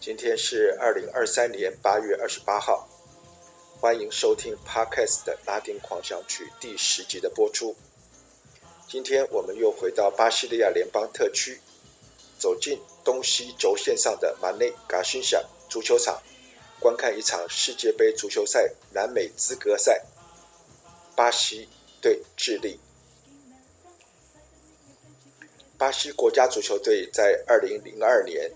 今天是二零二三年八月二十八號，歡迎收聽 Podcast《拉丁狂想曲》第十集的播出。今天我們又回到巴西利亞聯邦特區，走進東西軸線上的馬內嘎辛下足球場，觀看一場世界杯足球賽南美資格賽——巴西對智利。巴西國家足球隊在二零零二年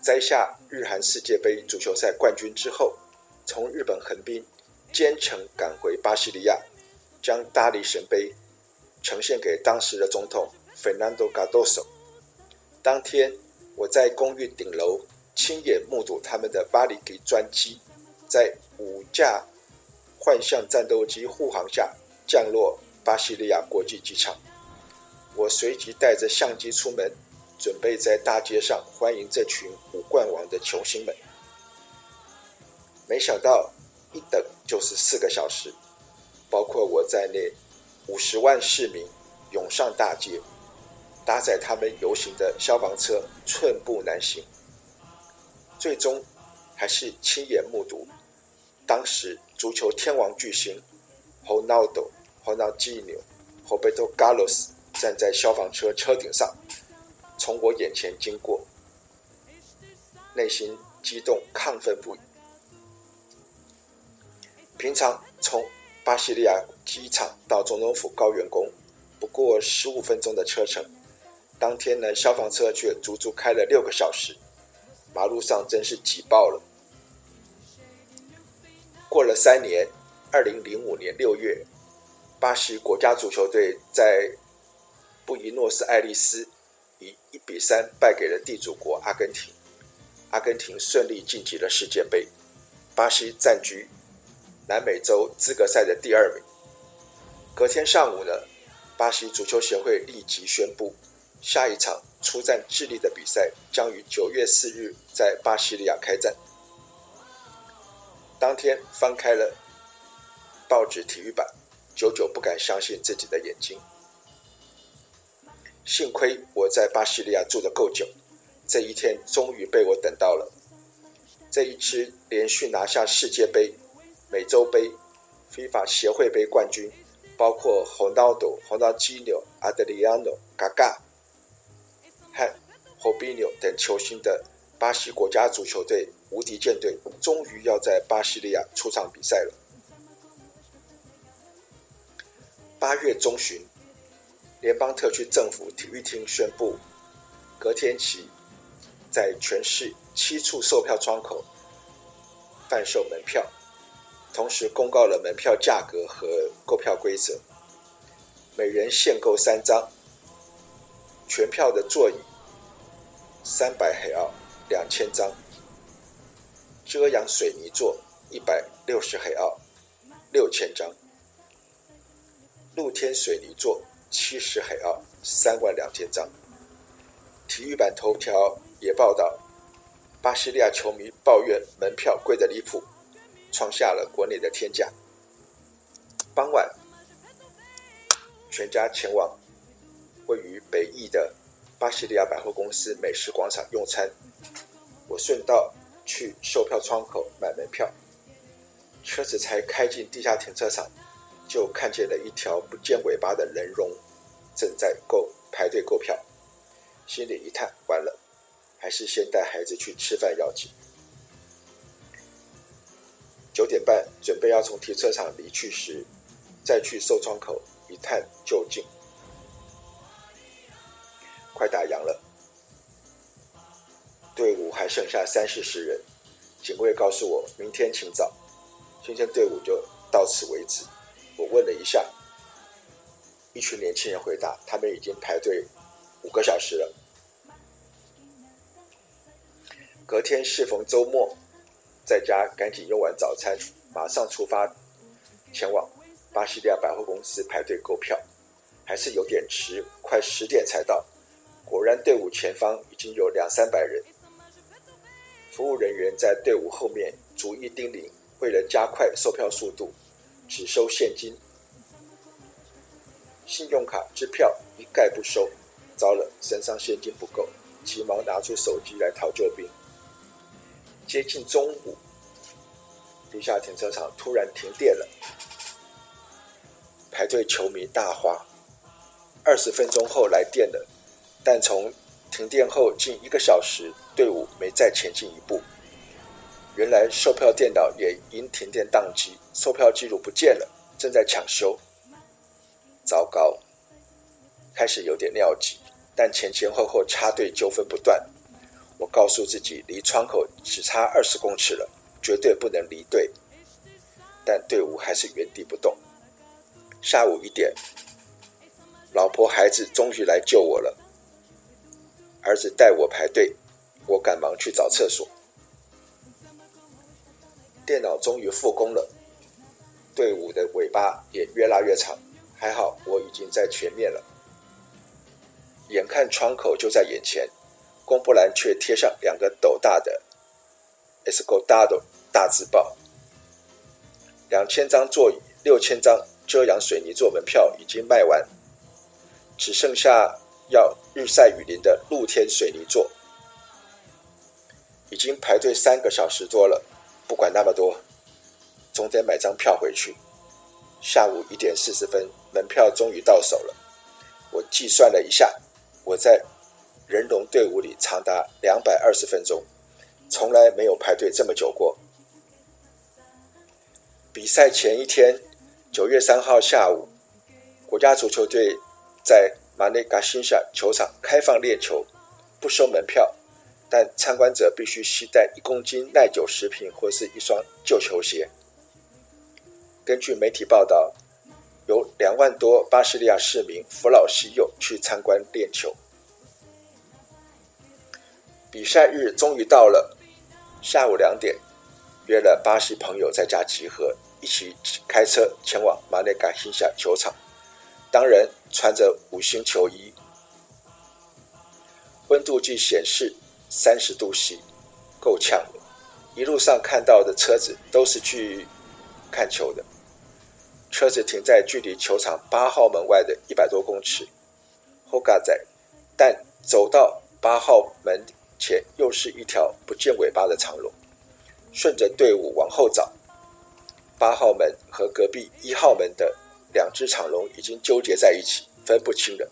摘下日韓世界杯足球賽冠軍之後，從日本橫濱兼程趕回巴西利亞，將大力神杯呈獻給當時的總統費爾南多·卡多索。當天，我在公寓頂樓親眼目睹他們的 VARIG 專機在五架幻象戰鬥機護航下降落巴西利亞國際機場。我隨即帶着相機出門。準備在大街上歡迎這群五冠王的球星們，沒想到一等就是四個小時，包括我在內五十萬市民湧上大街，搭載他們遊行的消防車寸步難行。最終還是親眼目睹，當時足球天王巨星 Ronaldo、Ronaldinho、Roberto Carlos 站在消防車車頂上。從我眼前經過，內心激動亢奮不已。平常從巴西利亞機場到總統府高原宮不過十五分鐘的車程，當天呢，消防車卻足足開了六個小時，馬路上真是擠爆了。過了三年，二零零五年六月，巴西國家足球隊在布宜諾斯艾利斯。以一比三敗給了地主國阿根廷，阿根廷順利晉級了世界杯。巴西暫居南美洲資格賽的第二名。隔天上午呢，巴西足球協會立即宣布，下一場出戰智利的比賽將於九月四日在巴西利亞開戰。當天翻開了報紙體育版，久久不敢相信自己的眼睛。幸虧我在巴西利亞住的夠久，這一天終於被我等到了。這一支連續拿下世界杯、美洲杯、非法協會杯冠軍，包括 h o n a l d o h o n a l d o 基紐、Adriano、卡卡和和比 o 等球星的巴西國家足球隊“無敵艦隊”終於要在巴西利亞出場比賽了。八月中旬。聯邦特區政府體育廳宣布，隔天起在全市七處售票窗口販售門票，同時公告了門票價格和購票規則，每人限購三張。全票的座椅三百黑澳，兩千張；遮陽水泥座一百六十黑澳，六千張；露天水泥座。七十海澳，三萬兩千張。體育版頭條也報道，巴西利亞球迷抱怨門票貴得離譜，創下了國內的天價。傍晚，全家前往位於北翼的巴西利亞百貨公司美食廣場用餐。我順道去售票窗口買門票，車子才開進地下停車場，就看見了一條不見尾巴的人龍正在購排隊購票，心裡一嘆，完了，還是先帶孩子去吃飯要緊。九點半準備要從停車場離去時，再去售窗口一探究竟。快打烊了，隊伍還剩下三四十人。警衛告訴我，明天請早，今天隊伍就到此為止。我問了一下。一群年輕人回答：“他們已經排隊五個小時了。”隔天適逢周末，在家趕緊用完早餐，馬上出發前往巴西利亞百貨公司排隊購票，還是有點遲，快十點才到。果然隊伍前方已經有兩三百人，服務人員在隊伍後面逐一叮嚀，為了加快售票速度，只收現金。信用卡、支票一概不收，糟了，身上現金不夠，急忙拿出手機來討救兵。接近中午，地下停車場突然停電了，排隊球迷大譁。二十分鐘後來電了，但從停電後近一個小時，隊伍沒再前進一步。原來售票電腦也因停電宕機，售票記錄不見了，正在搶修。糟糕，開始有點尿急，但前前後後插隊糾紛不斷。我告訴自己，離窗口只差二十公尺了，絕對不能離隊。但隊伍還是原地不動。下午一點，老婆孩子終於來救我了。兒子帶我排隊，我趕忙去找廁所。電腦終於復工了，隊伍的尾巴也越拉越長。還好我已經在前面了，眼看窗口就在眼前，公布欄卻貼上兩個斗大的 “ESGOTADO” 大字報。兩千張座椅、六千張遮陽水泥座門票已經賣完，只剩下要日曬雨淋的露天水泥座。已經排隊三個小時多了，不管那麼多，總得買張票回去。下午一點四十分。門票終於到手了，我計算了一下，我在人龍隊伍裡長達兩百二十分鐘，從來沒有排隊這麼久過。比賽前一天，九月三號下午，國家足球隊在馬內加新下球場開放練球，不收門票，但參觀者必須攜帶一公斤耐久食品或是一雙舊球鞋。根據媒體報道。有兩萬多巴西利亞市民扶老攜幼去參觀練球。比賽日終於到了，下午兩點，約了巴西朋友在家集合，一起開車前往馬內加林夏球場。當然穿着五星球衣，溫度計顯示三十度 C，夠嗆了。一路上看到的車子都是去看球的。車子停在距離球場八號門外的一百多公尺後，嘎仔，但走到八號門前又是一條不見尾巴的長龍。順着隊伍往後找，八號門和隔壁一號門的兩隻長龍已經糾結在一起，分不清了，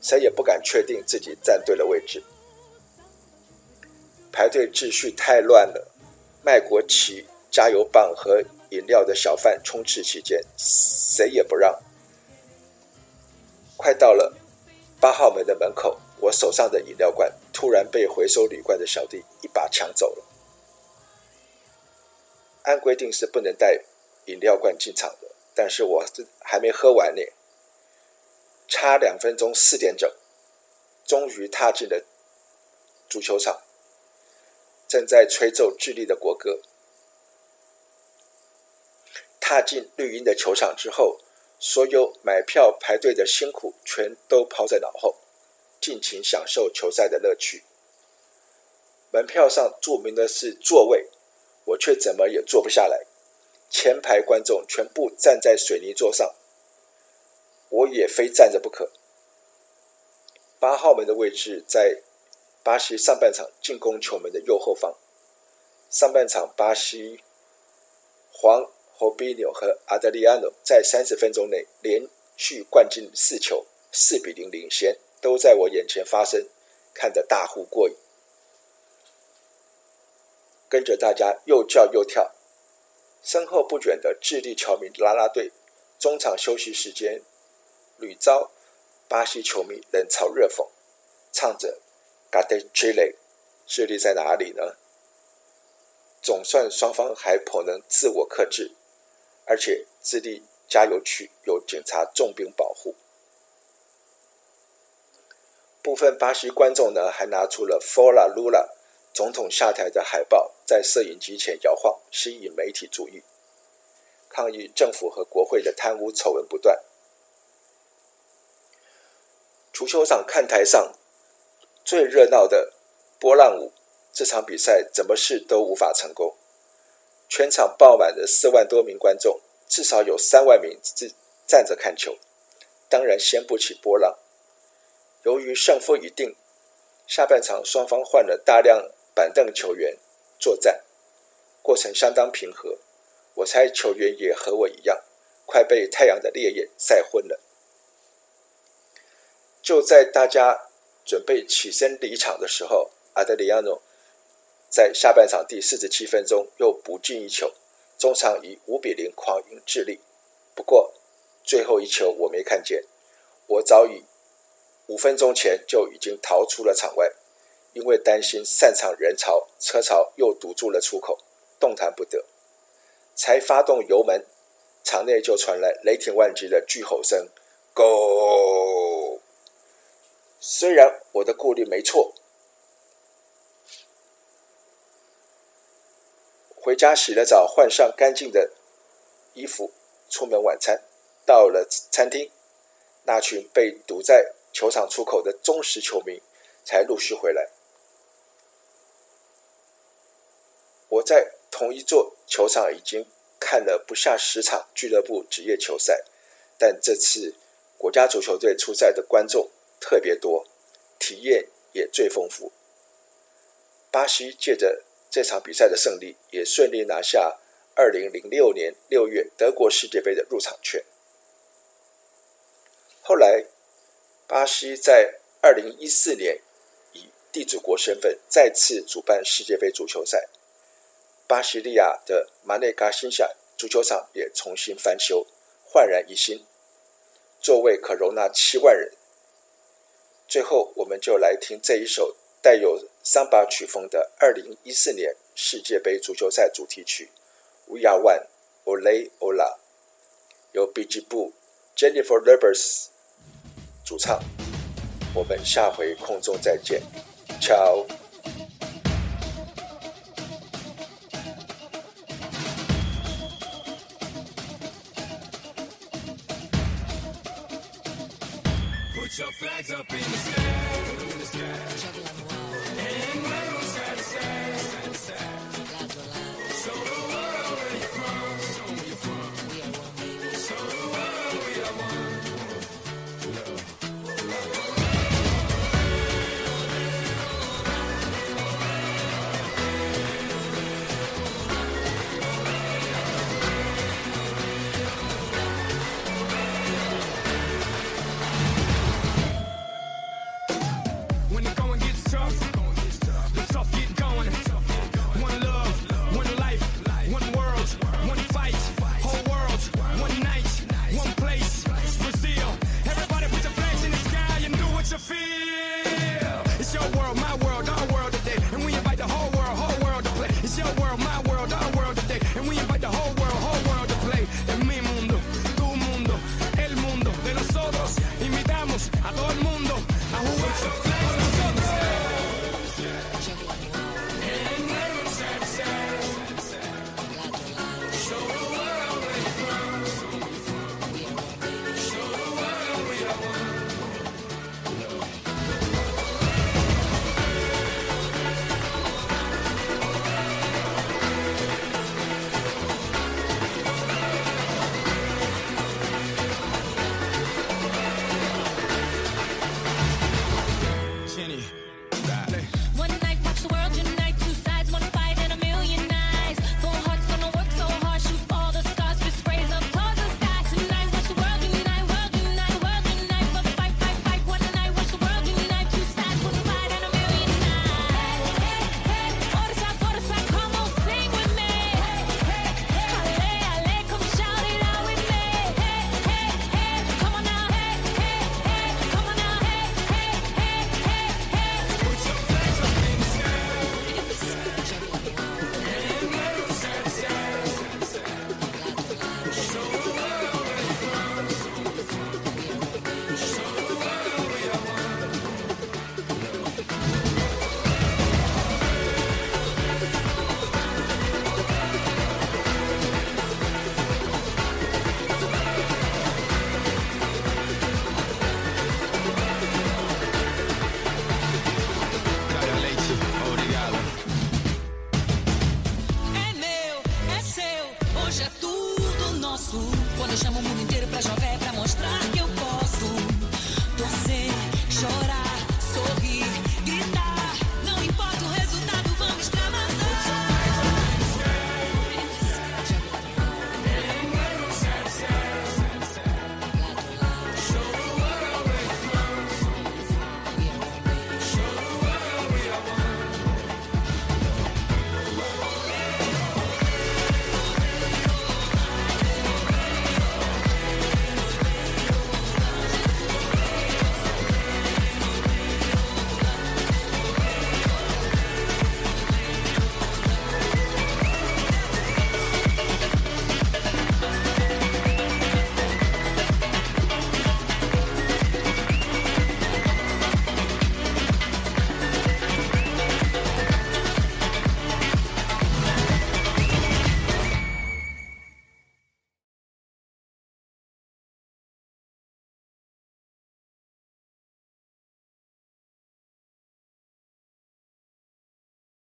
誰也不敢確定自己站對了位置。排隊秩序太亂了，賣國旗、加油棒和。飲料的小販充斥其間，誰也不讓。快到了八號門的門口，我手上的飲料罐突然被回收鋁罐的小弟一把搶走了。按規定是不能帶飲料罐進場的，但是我這還沒喝完呢。差兩分鐘四點整，終於踏進了足球場，正在吹奏智利的國歌。踏進綠茵的球場之後，所有買票排隊的辛苦全都拋在腦後，盡情享受球賽的樂趣。門票上注明的是座位，我卻怎麼也坐不下來。前排觀眾全部站在水泥座上，我也非站着不可。八號門的位置在巴西上半場進攻球門的右後方。上半場巴西黃，羅比尼奧和 Adriano 在三十分鐘內連續灌進四球，四比零領先，都在我眼前發生，看得大呼過癮，跟着大家又叫又跳，身後不絕的智利球迷拉拉隊，中場休息時間屢遭巴西球迷冷嘲熱諷，唱着 Gallard Chile 智利在哪裡呢？總算雙方還頗能自我克制。而且，智利加油區有警察重兵保護。部分巴西觀眾呢，還拿出了 Fora Lula 總統下台的海報，在攝影機前搖晃，吸引媒體注意，抗議政府和國會的貪污醜聞不斷。足球場看台上最熱鬧的波浪舞，這場比賽怎麼試都無法成功。全場爆滿的四萬多名觀眾，至少有三萬名是站着看球，當然掀不起波浪。由於勝負已定，下半場雙方換了大量板凳球員作戰，過程相當平和。我猜球員也和我一樣，快被太陽的烈焰曬昏了。就在大家準備起身離場的時候，阿德里亞諾。在下半場第四十七分鐘又補進一球，終場以五比零狂贏智利。不過最後一球我沒看見，我早已五分鐘前就已經逃出了場外，因為擔心散場人潮車潮又堵住了出口，動彈不得，才發動油門，場內就傳來雷霆萬鈞的巨吼聲。Go！雖然我的顧慮沒錯。回家洗了澡，換上乾淨的衣服，出門晚餐。到了餐廳，那群被堵在球場出口的忠實球迷才陸續回來。我在同一座球場已經看了不下十場俱樂部職業球賽，但這次國家足球隊出賽的觀眾特別多，體驗也最豐富。巴西借着，這場比賽的勝利也順利拿下二零零六年六月德國世界杯的入場券。後來，巴西在二零一四年以地主國身份再次主辦世界杯足球賽，巴西利亞的馬內嘎新下足球場也重新翻修，煥然一新，座位可容納七萬人。最後，我們就來聽這一首帶有桑巴曲風的2014年世界杯足球賽主題曲 We Are One, Ole Ola，由 Pitbull Jennifer Lopez 主唱。我們下回空中再見，喬